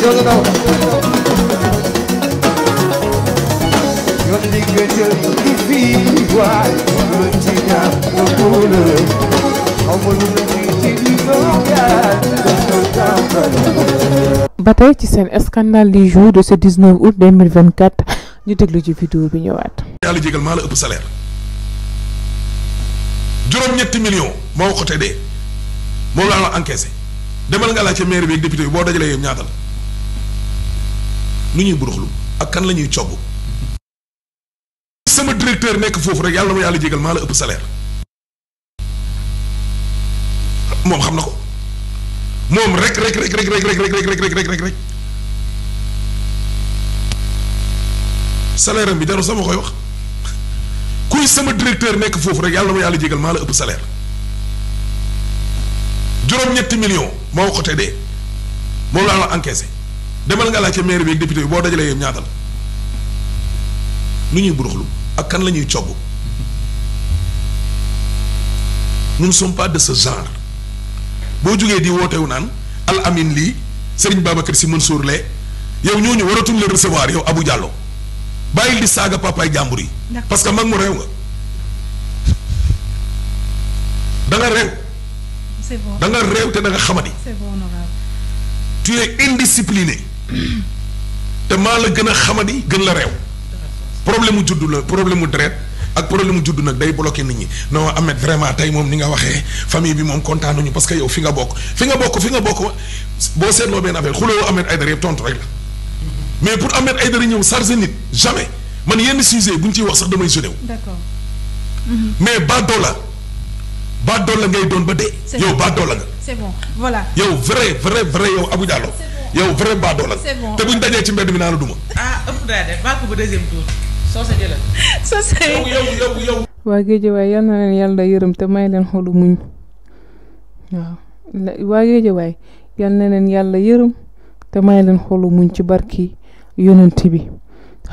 jono Yon di gejel di scandale du jour de ce 19 août 2024 avons vu la vidéo bi ñëwaat. yàlla jégal maa la ëpp salaire juróom-ñetti millions moo ko tey dee moom laa la encaissé demal nga la nu ñuy buruxlu ak kan la ñuy cogg sama directeur nekk foofu rek yàlla na yàlla jégal maa la ëpp salaire moom xam na ko moom rek rek rek rek rek rek rek rek bi daru sama koy wax kuy sama directeur nekk foofu rek yàlla ma yàlla jigal maa la ëpp salaire juróom-ñetti million moo ko te dee moom laa la encaissé. demal nga laajte maire bi ak député bi boo dajalee yéen ñaatal lu ñuy buruxlu ak kan la ñuy cogg nous de ce genre boo jógee di wootewu naan al amin lii Serigne Babacar Sy Mansour le yow ñooñu waratuñ la yow abu Diallo bàyyil di saaga papaay jàmbur yi. parce que mag mu réew nga da nga réew. c'est da nga te da nga xamadi. c'est te ma la gën xamadi gën problème la problème ak problème day bloqué non Ahmed vraiment ni nga waxee famille bi moom parce que yow fi nga bokk fi nga bokk fi nga bokk boo seetloo benn Ahmed rek mais pour Ahmed Aïdara ñëw chargé nit jamais man yenn sujet bu ñu wax sax damay d'accord mhm. mais Badola, la la ngay doon ba yow c'est bon voilà. yow vrai vrai vrai yow Abou yow vrai baadoo la. te buñ dajee ci mbedd mi naa la duma. ah ëpp waa Géejawaay yal na yàlla yërëm te may leen xolu muñ waaw waa Géejawaay yal na leen yàlla yërëm te may leen xolu muñ ci barki yonent bi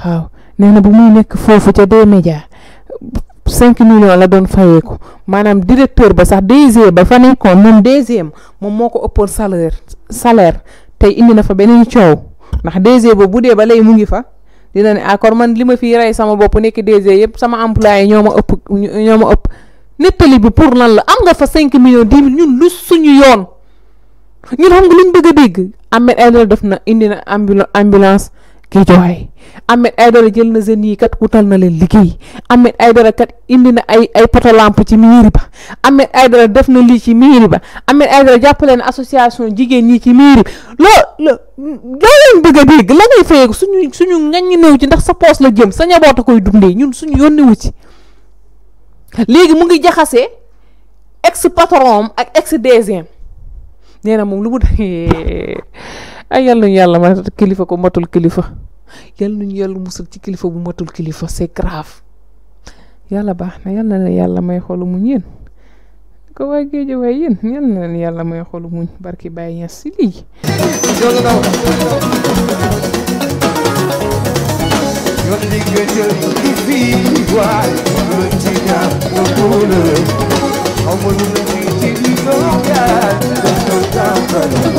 waaw nee na bu muy nekk foofu ca des médias cinq millions la doon ko maanaam directeur ba sax DG ba fa nekkoon moom deuxième moom moo ko ëppoon salaire salaire tey indi na fa beneen coow ndax DG boobu bu dee ba lay mu ngi fa dina ne accord man li ma fi rey sama bopp nekk DG yëpp sama employé ñoo ma ëpp ñoo ma ëpp nettali bi pour lan la am nga fa cinq millions di mille ñun lu suñu yoon ñun xam nga luñ bëgg a dégg Ahmed Aidara def na indi na ambulance Guédiawaye Ahmed Aidara jël na jeunes yi kat wutal na leen liggéey Ahmed Aidara kat indi na ay ay potolamp ci mairie ba Ahmed Aidara def na lii ci mairie ba Ahmed Aidara jàppale na association jigéen ñi ci mairie loo loo loo leen bëgg a dégg la ngay ko suñu suñu ngañ new ci ndax sa poos la jëm sa njaboot a koy dundee ñun suñu yónnewu ci léegi mu ngi jaxasee ex patron ak ex DG nee na moom lu mu ay yàlla ñu yàlla ma kilifa ko matul kilifa yàlla ñu yàlla musal ci kilifa bu matul kilifa c'est grave yàlla baax na yàlla na yàlla may xolu muñ yéen ko waa géej waay yéen yàlla na yàlla may xolu muñ barki bàyyi ñas si lii di fi di